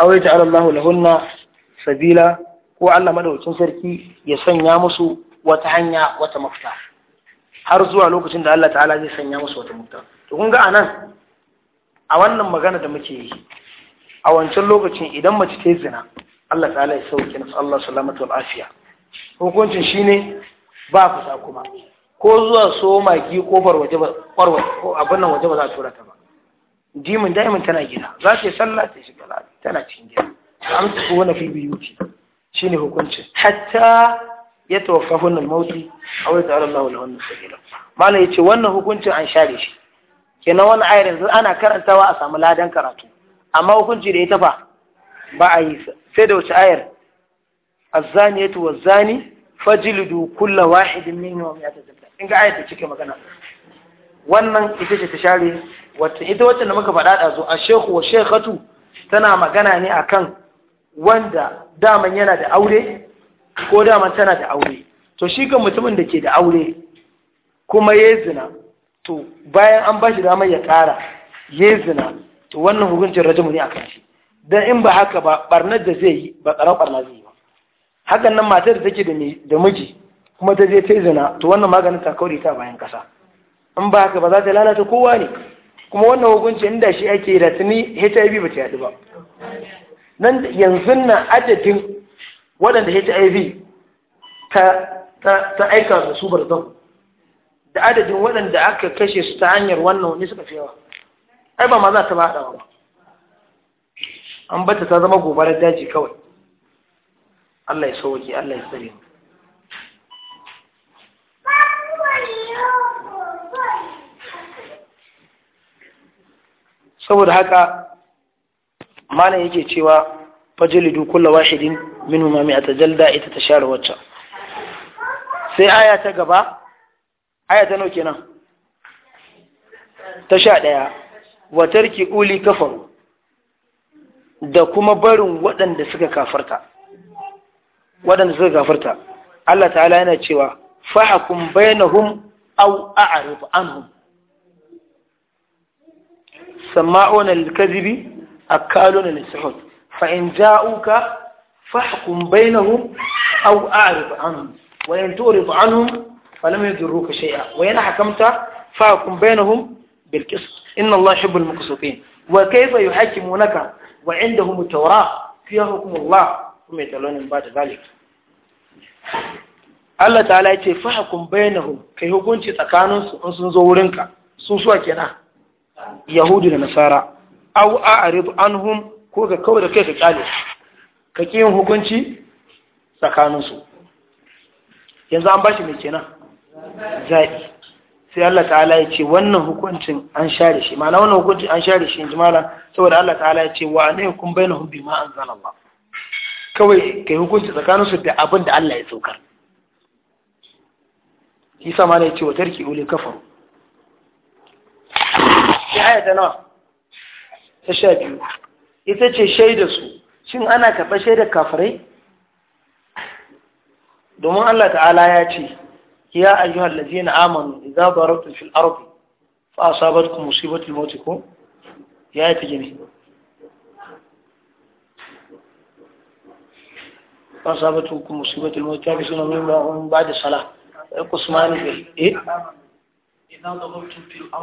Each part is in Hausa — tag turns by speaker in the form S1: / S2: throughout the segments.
S1: aw ya ta'ala lahunna sabila ko Allah madaukin sarki ya sanya musu wata hanya wata mafita har zuwa lokacin da Allah ta'ala zai sanya musu wata mafita to kun ga anan a wannan magana da muke yi a wancan lokacin idan mace ta zina Allah ta'ala ya sauke nasu Allah salamatu wal afiya hukuncin shine ba kusa kuma ko zuwa so magi ko farwaje ba farwaje ko abin nan waje ba za a tura ta ba Dimin daimin tana gida za ta yi sallah ta shiga lafi tana cikin gida amsa ko wani fi biyu ce shi ne hukuncin hatta ya tawafa hunan mauti a wai ta'ala Allah wannan sabila malam ya ce wannan hukuncin an share shi kenan wani ayar yanzu ana karantawa a samu ladan karatu amma hukunci da ya tafa ba a yi sai da wace ayar tuwa zani fajiludu kulla wahidin minhum ya zabta in ga ayar da cike magana wannan ita ce ta share wata ita wacce da muka faɗa da zo a shehu wa shekhatu tana magana ne akan wanda daman yana da aure ko daman tana da aure to shi kan mutumin da ke da aure kuma ya zina to bayan an bashi shi damar ya ƙara ya zina to wannan hukuncin rajimu ne a kan shi don in ba haka ba barnar da zai yi ba ƙarar ɓarna zai yi ba hakan nan matar da take da miji kuma ta je ta zina to wannan maganin ta kauri ta bayan ƙasa in ba ka ba za ta lalata kowa ne kuma wannan hukunci inda shi ake da tuni HIV ba ta yadu ba nan yanzu na adadin waɗanda HIV ta aika da su barzan da adadin waɗanda aka kashe su ta hanyar wannan wani suka fiyawa ai ba ma za ta ba haɗawa ba an bata ta zama gobarar daji kawai Allah ya sauki Allah ya tsare mu saboda haka malam yake cewa fajlidu kullu wahidin huma mi'ata atajalda ita ta share wacce sai aya ta gaba aya ta nauke nan ta sha ɗaya wa tarki uli kafaru da kuma barin waɗanda suka kafarta waɗanda suka kafarta Allah ta'ala yana cewa fahakum bainahum aw a'rif anhum سماعون الكذب أكالون للسحوت فإن جاءوك فاحكم بينهم أو أعرض عنهم وإن تعرض عنهم فلم يضروك شيئا وإن حكمت فاحكم بينهم بالقسط إن الله يحب المقسطين وكيف يحكمونك وعندهم التوراة فيها حكم الله هم يتلون بعد ذلك الله تعالى ya بينهم كي bainahum kai hukunci tsakaninsu in yahudu da nasara aw a'rid anhum ko ka kawai da kai ka kyale ka ki yin hukunci tsakaninsu yanzu an bashi mai kenan zaɓi sai Allah ta'ala ya ce wannan hukuncin an share shi ma'ana wannan hukuncin an share shi inji mala saboda Allah ta'ala ya ce wa ne kun bayyana hubbi ma an zana ba. kawai kai hukunci tsakaninsu da abin da Allah ya saukar Isa ma ya ce wa tarki ule kafaru ce aya ta nawa ta sha biyu ita ce shaida su shin ana karɓar shaida kafirai domin Allah ta'ala ya ce ya ayyuhal ladzina amanu idza darabtum fil ardi fa asabatkum musibatul maut ko ya ta gine fa asabatkum musibatul maut ta bi sunan ba'da salah qusman eh الأرض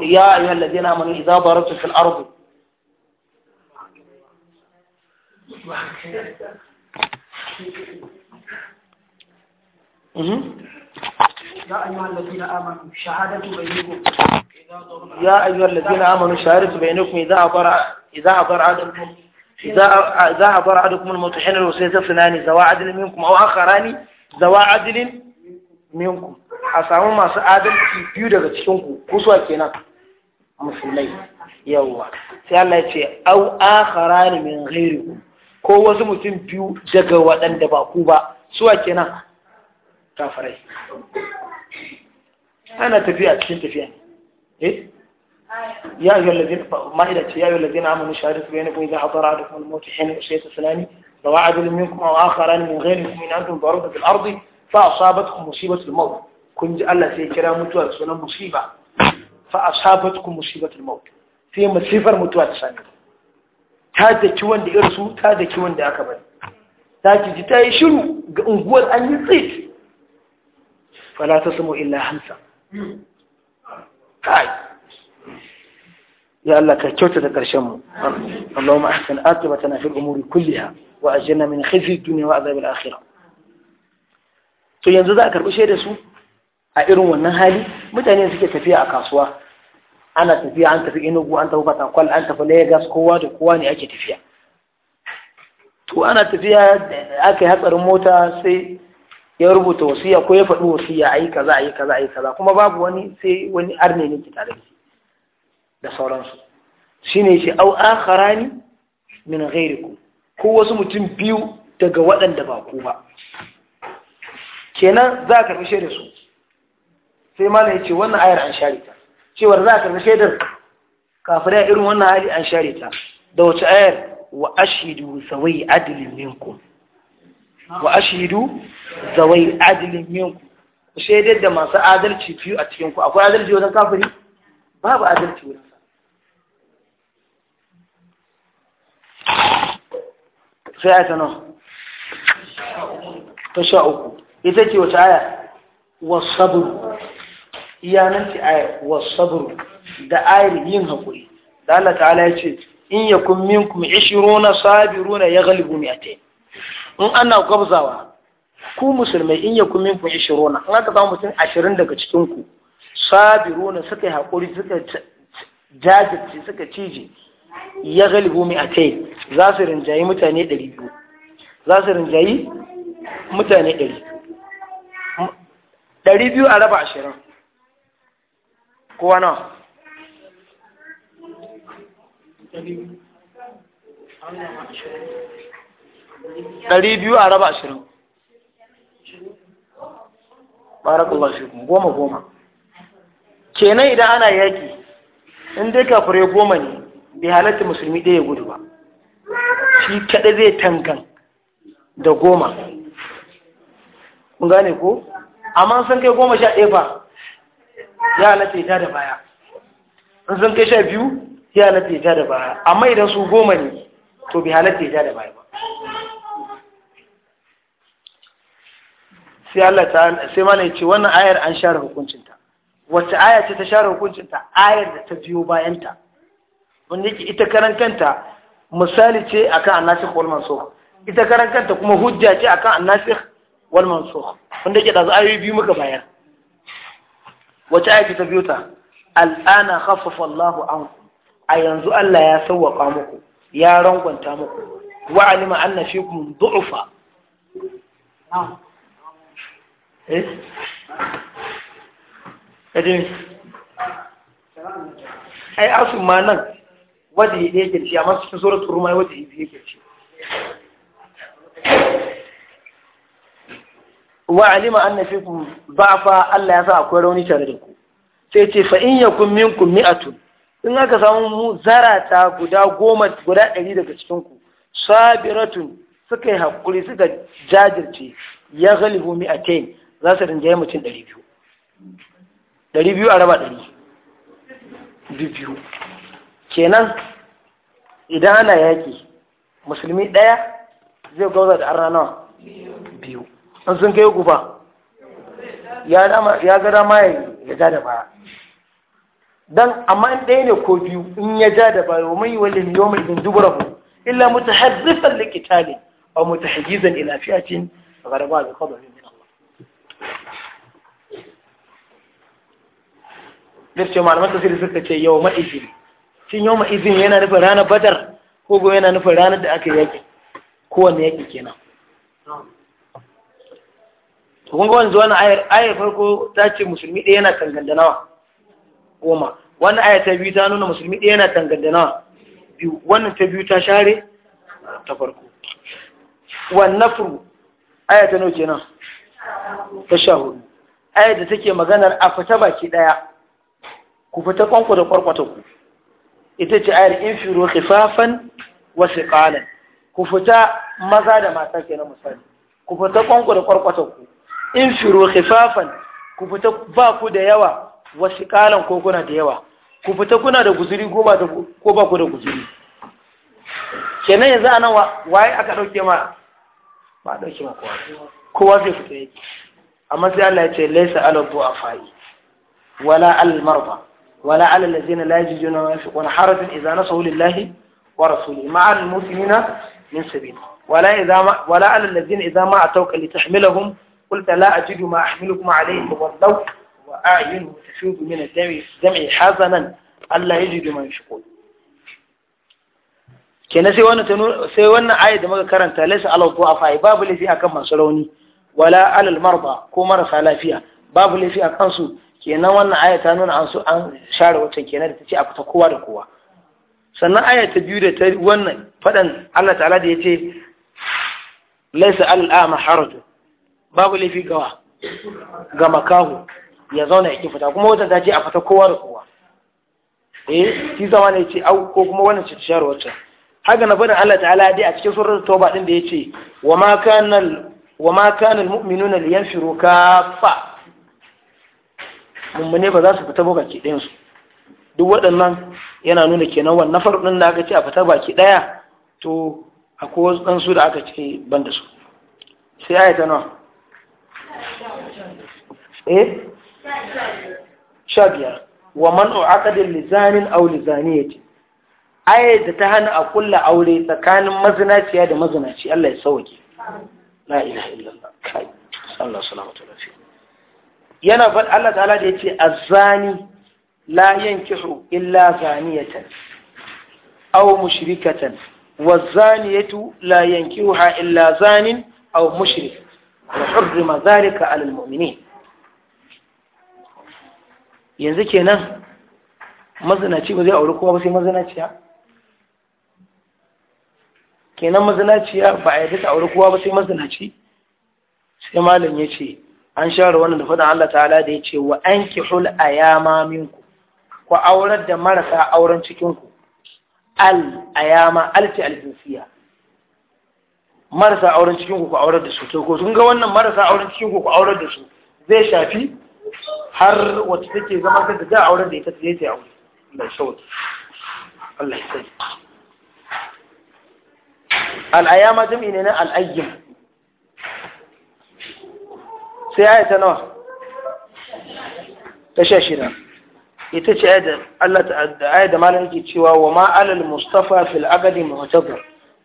S1: يا أيها الذين آمنوا إذا ضربتم في الأرض يا أيها الذين آمنوا شهادة بينكم يا أيها الذين آمنوا شهادة بينكم إذا عبر إذا عبر عدكم إذا إذا عبر عدكم المتحين الوسيلة فلان زواعد منكم أو آخراني زوا منكم a samu masu adalci biyu daga cikin ku suwa kenan musulmai yawwa sai Allah ya ce au akharani min ghairikum ko wasu mutum biyu daga waɗanda ba ku ba suwa kenan kafirai ana tafiya cikin tafiya eh يا أيها الذين ما إلى يا أيها الذين آمنوا شهادة بينكم إذا حضر أحدكم الموت حين أشيت اثنان سواء منكم أو آخران من غيركم إن أنتم ضربة في الأرض فأصابتكم مصيبة الموت kun ji Allah sai kira mutuwa da sunan musiba fa asabatkum musibatul maut sai musifar mutuwa ta sani ta daki wanda ya rasu ta daki wanda aka bari ta ki ji ta yi shiru ga unguwar an yi tsit fala tasmu illa hamsa kai يا الله كيوتا تكرشمو اللهم أحسن آتبتنا في الأمور كلها وأجلنا من خزي الدنيا وعذاب الآخرة تو ينزو ذاكر بشيء su. a irin wannan hali mutane suke tafiya a kasuwa ana tafiya an tafi inugu an tafi fatakwal an tafi Legas, kowa da kowa ne ake tafiya to ana tafiya aka yi hatsarin mota sai ya rubuta wasiya ko ya faɗi wasiya a yi kaza a yi kaza a yi kaza kuma babu wani sai wani arne ne ke tare da sauransu shi ne shi au ne, min ghairikum ko wasu mutum biyu daga waɗanda ba ku ba kenan za ka karɓi da su sai ma ya ce wannan ayar an share ta cewar za ka na shaidar kafirai irin wannan hali an share ta da wace ayar wa ashidu zawai adilin minku wa ashidu zawai adilin minku ku shaidar da masu adalci fiye a cikinku akwai adalci wajen kafiri babu adalci wajen sai ayata nan ta sha uku ita ce wace aya wasu sabu iyananci ayar sabru da ayar yin haƙuri da Allah ta'ala ya ce in yakun minkum ishiruna sabiruna ya galibu mi'atain in ana gwabzawa ku musulmai in min minkum ishiruna in aka samu mutum ashirin daga cikin ku sabiruna suka yi haƙuri suka jajirce suka cije ya galibu mi'atain za su rinjayi mutane ɗari biyu za su rinjayi mutane ɗari biyu a raba ashirin kowa nawa ɗari biyu a raba ashirin barakallah shi goma goma kenan idan ana yaƙi in dai kafure goma ne bai halatta musulmi ɗaya gudu ba shi kaɗa zai tankan da goma kun gane ko amma sun kai goma sha ɗaya ba ya halatta ya da baya in sun kai sha biyu ya halatta ya da baya amma idan su goma ne to bai halatta ya da baya ba sai Allah ta sai mana yace wannan ayar an share hukuncinta wacce aya ce ta share hukuncinta ayar da ta biyo bayanta wanda yake ita karan kanta misali ce akan annasikh wal mansukh ita karan kanta kuma hujja ce akan annasikh wal mansukh wanda yake da ayoyi biyu muka bayar wace aiki ta biyu ta al'ana khaffafa Allahu anku a yanzu Allah ya sawwaka muku ya rangwanta muku wa alima anna fikum du'fa eh kadin ai asu ma nan wadi ne yake ci amma cikin suratul rumai wadi ne yake ci wa alima anna fikum fa Allah ya sa akwai rauni tare da ku sai ce fa in yakun minkum mi'atu in aka samu mu zarata guda goma guda ɗari daga cikin ku sabiratun suka yi hakuri suka jajirce ya galibu mi'atain za su rinjaye mutum ɗari biyu ɗari biyu a raba ɗari biyu kenan idan ana yaƙi musulmi ɗaya zai gauza da arna nawa biyu an sun kai gufa ya ga dama ya ya ja da baya dan amma in ɗaya ne ko biyu in ya ja da baya wa mai walin yau mai dindubarahu illa mutahazzifan likitali aw mutahajjizan ila fi'atin gharaba bi qadari min Allah dace malaman sirri suka ce yau ma izin shin yau izin yana nufin ranar badar ko yana nufin ranar da aka yaki kowanne yaki kenan to kun ga wanzu wani ayar ayar farko ta ce musulmi ɗaya yana tanganda nawa goma wannan ayar ta biyu ta nuna musulmi ɗaya yana tanganda nawa biyu wannan ta biyu ta share ta farko wannan furu ayar ta nauke nan ta sha hudu ayar da take maganar a fita baki ɗaya ku fita kwanku da kwarkwata ku ita ce ayar firo kifafan wasu ƙalan ku fita maza da mata ke na misali ku fita kwanku da kwarkwata ku in firo khifafan ku fita ba ku da yawa wasu kalan ko kuna da yawa ku fita kuna da guzuri ko ba ku da guzuri kenan yanzu a nan waye aka ɗauke ma ba a ɗauke ma kowa kowa zai fita yake amma sai Allah ya ce laisa ala du'afai wala al marba wala ala allazina la yajiduna ma yunfiquna harajan idza nasahu lillahi wa rasulihi ma al muslimina min sabil wala idza wala ala allazina idza ma atawka litahmilahum قلت لا أجد ما أحملكم عليه فولوا وأعينهم تفيض من الدمع حزنا ألا يجد ما يشكون kenan sai wannan sai wannan ayat da muka karanta laysa alal du'afa babu lafi akan masu rauni wala alal marba ko marasa lafiya babu lafi akan su kenan wannan ayat ta an share wata kenan da tace a fita kowa da kowa sannan ayat ta biyu da ta Allah yace laysa babu laifi gawa ga makahu ya zauna ya fita kuma wata ta ce a fita kowa da kowa eh shi zama ne ce au ko kuma wannan ce tsayar wacce haka na fadin Allah ta'ala dai a cikin surar tauba din da yace wa ma kana wa ma kana almu'minuna liyanfiru kaffa mummune ba za su fita baki ɗayan su duk waɗannan yana nuna kenan wannan din da aka ce a fita baki ɗaya to akwai wasu ɗansu da aka ce ban da su sai ayata nawa eh sha biyar wa man u'aqadin lizanin aw lizaniyati ayat da ta hana a kulla aure tsakanin mazinaciya da mazinaci Allah ya sauke la ilaha illallah kai sallallahu salamatu lafiya yana fa Allah ta'ala da yace azani la yankihu illa zaniyatan aw mushrikatan Wa wazaniyatu la yankihuha illa zanin aw mushrik وحرم ذلك على المؤمنين yanzu kenan mazinaci ba zai auri kuma ba sai mazinaciya kenan mazinaciya ba a yadda ta auri kowa ba sai mazinaci sai malam ya ce an share wannan da faɗin Allah ta'ala da ya ce wa an ki hul a yama minku ku aurar da marasa auren cikinku al a yama alti alfinsiya marasa auren cikin ku aurar da su to ko sun ga wannan marasa auren cikin ku aurar da su zai shafi har wacce take zama ta da auren da ita zai ta aure mai sauki Allah ya sani al'ayyama jami'i ne na al'ayyim sai ya ta nawa ta sha shida ita ce ayat Allah ta ayat da malam ke cewa wa ma alal mustafa fil agadi mu'tabar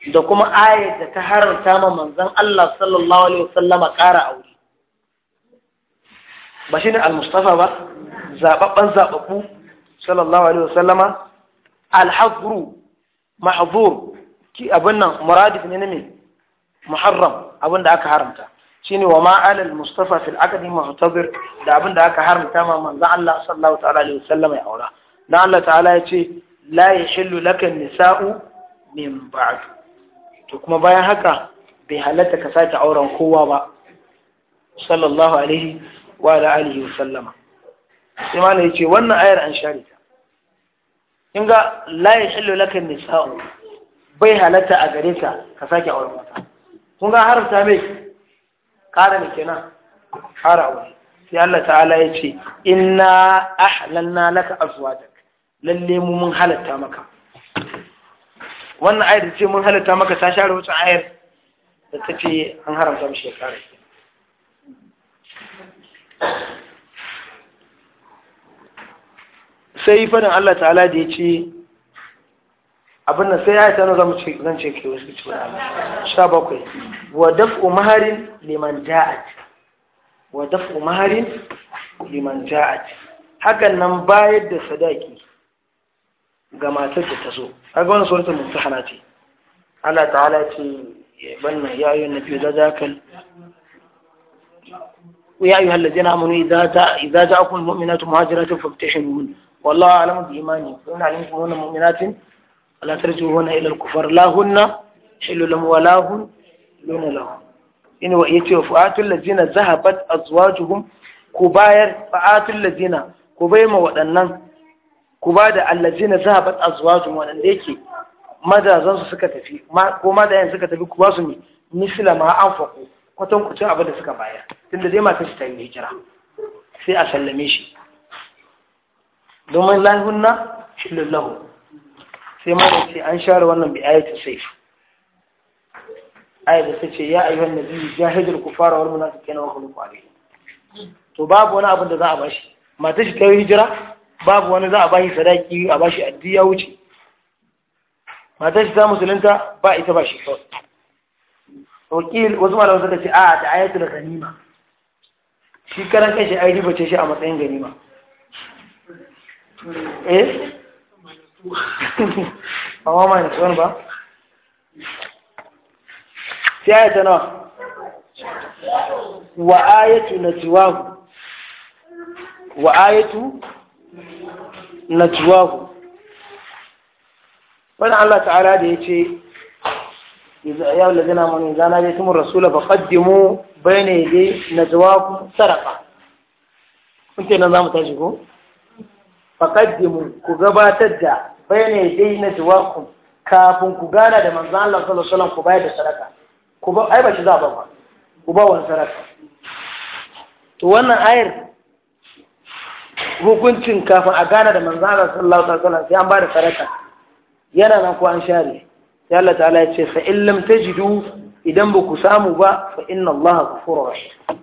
S1: da kuma ayat da ta haramta ma manzan Allah sallallahu alaihi wasallama ƙara aure ba shi ne al-mustafa ba zababban zababbu sallallahu alaihi wasallama al-hadru mahzur ki abin nan muradif ne ne muharram abin da aka haramta shine wa ma alal mustafa fil akadi muhtadir da abin da aka haramta ma manzan Allah sallallahu ta'ala alaihi wasallam ya aura dan Allah ta'ala ya ce la yahillu laka nisa'u min ba'd to kuma bayan haka bai halatta ka sake auren kowa ba sallallahu alaihi wa ala alihi wa sallama sai ma yace wannan ayar an share ta in ga la laka nisa'u bai halatta a gare ka ka sake auren mata kun ga haramta mai kara ne kenan kara aure sai Allah ta'ala ya ce inna ahlanna laka azwajak lalle mu mun halatta maka wannan ayar ce mun halitta maka ta share wata ayar da ta ce an haramta mu shekara sai fadin Allah ta'ala da ya ce abin nan sai ya ta zama zan ce ke wasu ci wani sha bakwai wa daf'u maharin liman ja'at wa daf'u maharin liman ja'at hakan nan bayar da sadaki ga matar da ta zo a ga wani suratul mumtahana ce Allah ta'ala ce banna ya ayyuhan nabiyyu da zakal ويا أيها الذين آمنوا إذا جاء إذا جاءكم المؤمنات مهاجرات فابتحنوهن والله أعلم بإيمانهم فإن علمتموهن مؤمنات ولا ترجعوهن إلى الكفر لا هن حل لهم ولا هن لون لهم إن وإيتي وفؤات الذين ذهبت أزواجهم كباير فؤات الذين كبيما ودنن ku ba da allazi na zahabat azwajum wanda yake madazan su suka tafi ko madayan suka tafi ku ba su ne misila ma an faku kwatan kucin abin da suka bayar tunda dai shi ta yi hijira sai a sallame shi domin lahunna shillallahu sai mara ce an share wannan bi ayatul sayf ayat da ce ya ayyuhan nabiyyu jahidul kufara wal munafiqina wa qul qali to babu wani abin da za a bashi Matan shi ta yi hijira babu wani za a bashi sadaki a bashi addi ya wuce matar shi ta musulunta ba ita ba shi kawai wakil wasu malamai suka ce a ta ayatul ganima shi karan kanshi ai ribace shi a matsayin ganima eh ba ma mai nasuwan ba sai ayata nawa wa ayatu nasuwahu wa ayatu najwahu wani Allah ta'ala da ya ce ya wulaga zina mani zana da tumun rasula ba kaddimu bai ne dai na saraka kun ce nan za mu tashi ko fa kaddimu ku gabatar da bai ne dai na kafin ku gana da manzan Allah sallallahu alaihi ku bayar da saraka ku ba ai ba shi za ba ku ba wani saraka to wannan ayar hukuncin kafin a gane da manzana sallallahu alaihi wasallam sai an ba da sadaka yana nan ko an share sai Allah ta'ala ya ce fa in lam tajidu idan ba ku samu ba fa inna Allah ghafurur rahim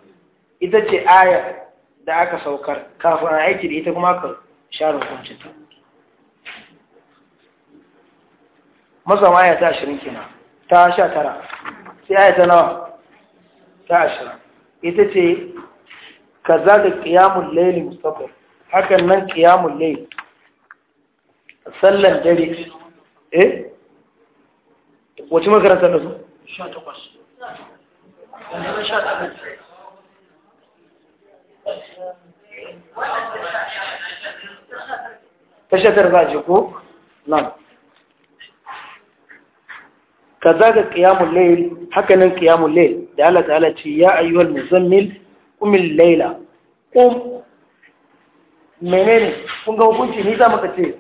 S1: ita ce aya da aka saukar kafin a aiki da ita kuma ka share hukuncin ta masa aya ta 20 kina ta 19 sai ta nawa ta 20 ita ce كذلك qiyamul layli mustaqbal hakan nan qiyamul layl sallan dare eh wace makarantar da su? tashatar za a ce ko? nan kaza ga qiyamul layl lai nan qiyamul layl da Allah ta'ala ce ya ayyuhal muzammil kumin laila ƙum menene kun ga hukunci ni za muka ce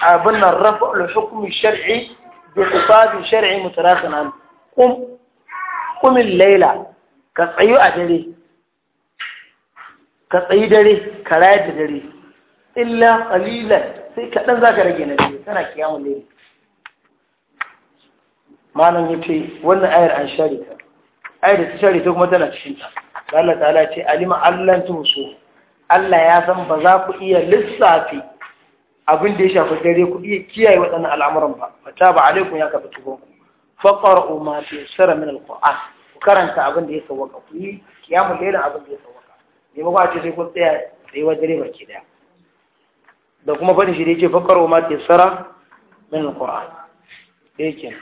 S1: abin nan rafa'ul hukmi shar'i bi hisabi shar'i mutarakhin an qum al laila ka tsayu a dare ka tsayi dare ka rayar da dare illa qalilan sai kaɗan za zaka rage na dare kana kiyamun laila malam yace wannan ayar an share ta ayar da ta share ta kuma tana cikin ta Allah ta'ala ce alima allan tuhsu Allah ya san ba za ku iya lissafi abin da ya shafi dare ku iya kiyaye waɗannan al'amuran ba ta ba alaikum ya kafa tugon ku faqar ma fi sirra min alquran ku karanta abin da ya sawaka ku yi kiyamu lailan abin da ya sawaka ne ba ce sai ku tsaya wa dare baki daya da kuma fadin shi da yake faqar ma fi sirra min alquran yake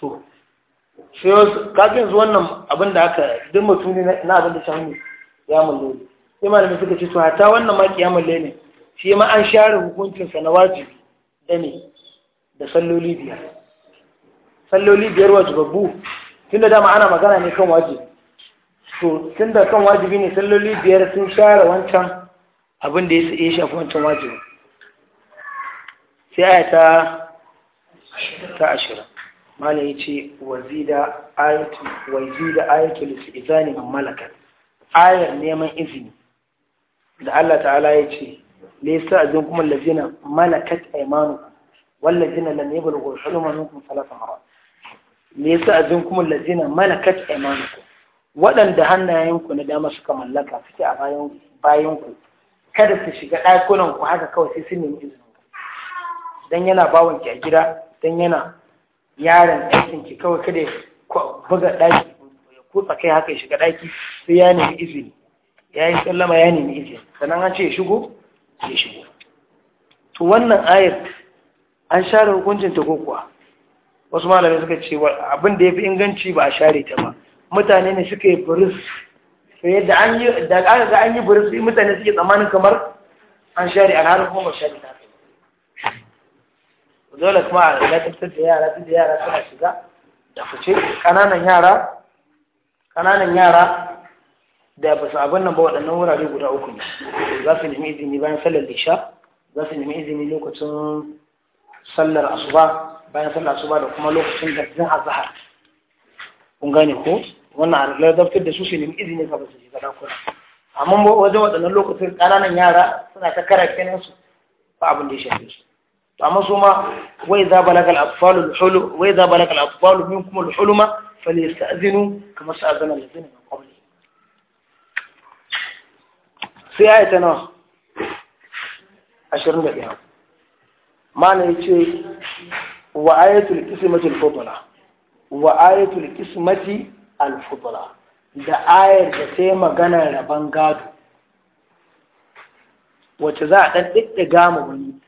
S1: to sai wasu kafin yanzu wannan abin da aka duk mutum ne na abin da can ne ya mulle sai malamin suka ce to hata wannan ma kiyamul ne shi ma an share hukuncinsa na wajibi da ne da salloli biyar salloli biyar wajibabbu tunda dama ana magana ne kan wajibi to tunda kan wajibi ne salloli biyar sun share wancan abin da ya shafi wancan wajibi sai aya ta ta ashirin malam ya ce wazida ayatul wazida ayatul istizani min malaka ayar neman izini da Allah ta'ala ya ce laysa azin kuma lazina malakat aymanukum wallazina lam yablughu hulma minkum thalatha marat laysa azin kuma lazina malakat aymanukum waɗanda hannayenku na dama suka mallaka suke a bayan bayanku kada su shiga ɗakunan ku haka kawai sai sun nemi izinin dan yana bawon ki a gida dan yana yaron ɗakin ki kawai kada ya buga ɗaki ya kutsa kai haka ya shiga ɗaki sai ya nemi izini ya yi sallama ya nemi izini sannan an ce ya shigo ya shigo to wannan ayar an share hukuncin ta ko wasu malamai suka ce abin da ya fi inganci ba a share ta ba mutane ne suka yi buris da aka ga an yi buris mutane suke tsammanin kamar an share alhalin kuma ba share ta dole kuma a lalatar da yara duk da yara suna shiga da fice ƙananan yara ƙananan yara da ba su abin nan ba waɗannan wurare guda uku ne za su nemi izini bayan sallar lisha za su nemi izini lokacin sallar asuba bayan sallar asuba da kuma lokacin garzin azahar kun gane ko wannan a ladabtar da su su nemi izini ka ba su shiga dakuna amma wajen waɗannan lokacin ƙananan yara suna ta kara kenan su ba abin da ya shafe su amma su ma wai za laƙal atfalu hulu wai za balagal atfalu fali al azinu kamar kama sa'azana da min qabli sai ta nawa 21 mana ce wa ayatul kismati al wa ayatul kismati alfudula da ayar da yi magana rabon gado wacce za a ɗan ɗiɗɗiga mu wani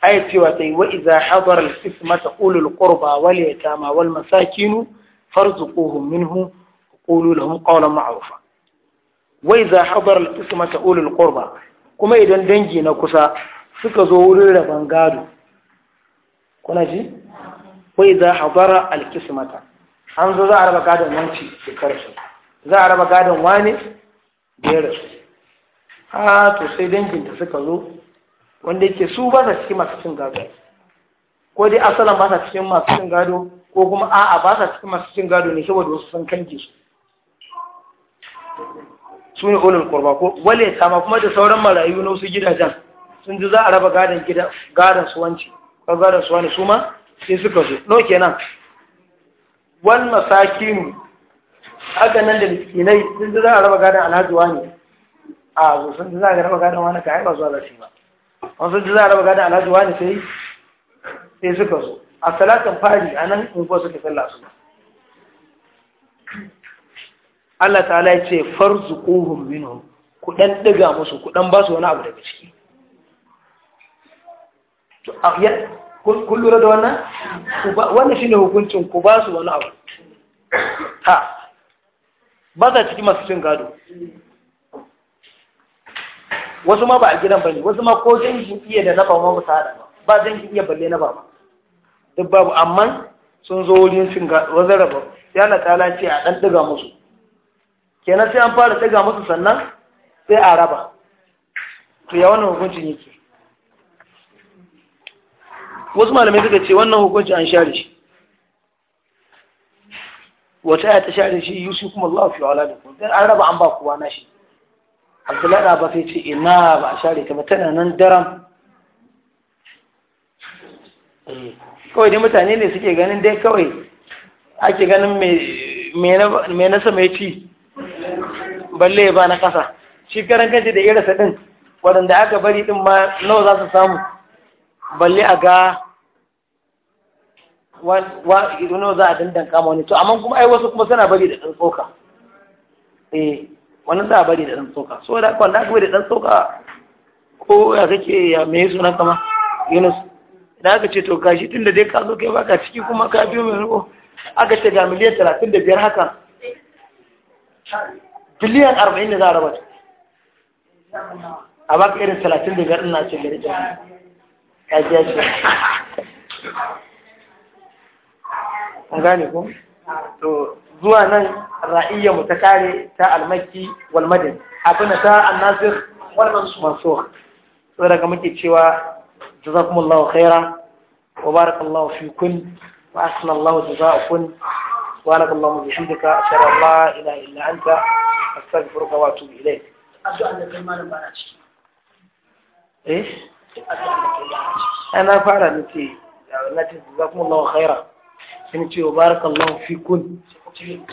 S1: ai cewa sai wa idza hadara al-qismata ulul qurba wal yatama wal masakin farzuquhum minhu qulu lahum qawlan ma'rufa wa idza hadara al-qismata ulul qurba kuma idan dangi na kusa suka zo wurin rabon gado kuna ji wa idza hadara al-qismata an zo za a raba gadon wanci da karshe za a raba gadon wani da ya rasu a ah, to sai danginta suka zo wanda yake su ba sa cikin masu cin gado ko dai asalan ba sa cikin masu cin gado ko kuma a'a ba sa cikin masu cin gado ne saboda wasu sun kanke su su ne ulul kurba ko wale sama kuma da sauran marayu na wasu gidajen sun ji za a raba gadon gida gadon su wanci ko gadon su wani su ma sai suka zo no kenan wal masakin haka nan da miskinai sun ji za a raba gadon alhaji wani a sun ji za a raba gadon wani ka haifa zuwa zafi ba wasu ji za a raba gadon alhaji wani sai sai suka so a salatin fari a nan in unguwa suka sallah su Allah ta'ala ya ce farzuquhum minhum ku ɗan ɗiga musu ku ɗan ba su wani abu daga ciki to kun lura da wannan wannan shine hukuncin ku ba su wani abu ha ba za ciki masu cin gado wasu ma ba a gidan bane wasu ma ko dangin iya da nafa ma ba su haɗa ba ba dangin iya balle na ba ba duk babu amma sun zo wurin sun ga wajen raba sai ana tala ce a ɗan diga musu kenan sai an fara diga musu sannan sai a raba to ya wannan hukuncin yake wasu malamai suka ce wannan hukuncin an share shi wata ya ta share shi yusuf kuma Allah fi wala da kuma an raba an ba kowa na shi abdullada ba sai ce ina ba a share ta ba tana nan daram eh, kawai dai mutane ne suke ganin dai kawai ake ganin mai nasa mai ci balle ba na kasa shi karan kanci da irasa din waɗanda aka bari din ma nawa za su samu balle a ga wani za a dandanka wani to amma kuma ai wasu kuma suna bari da tsoka eh, wannan za a bari da ɗan tsoka so da kwan da aka da ɗan tsoka ko ya kake ya su sunan kama yunus da aka ce to kashi tun da dai ka zo kai baka ciki kuma ka biyo mai ruwa. aka ce ga miliyan talatin da biyar haka biliyan arba'in da za a raba a baka irin talatin da biyar ina ce gari da ya biya ce an gane ko to زوانا الرأية متكالي تاء المكي والمدن أبنى تاء النازخ والمنصوخ ورقا مكي تشوى جزاكم الله خيرا وبارك الله فيكم وأحسن الله جزاءكم سبحانك اللهم وبحمدك أشهد أن لا إله إلا أنت أستغفرك وأتوب إليك إيش؟ أنا فعلا نتي نتي جزاكم الله خيرا نتي وبارك الله فيكم Okay.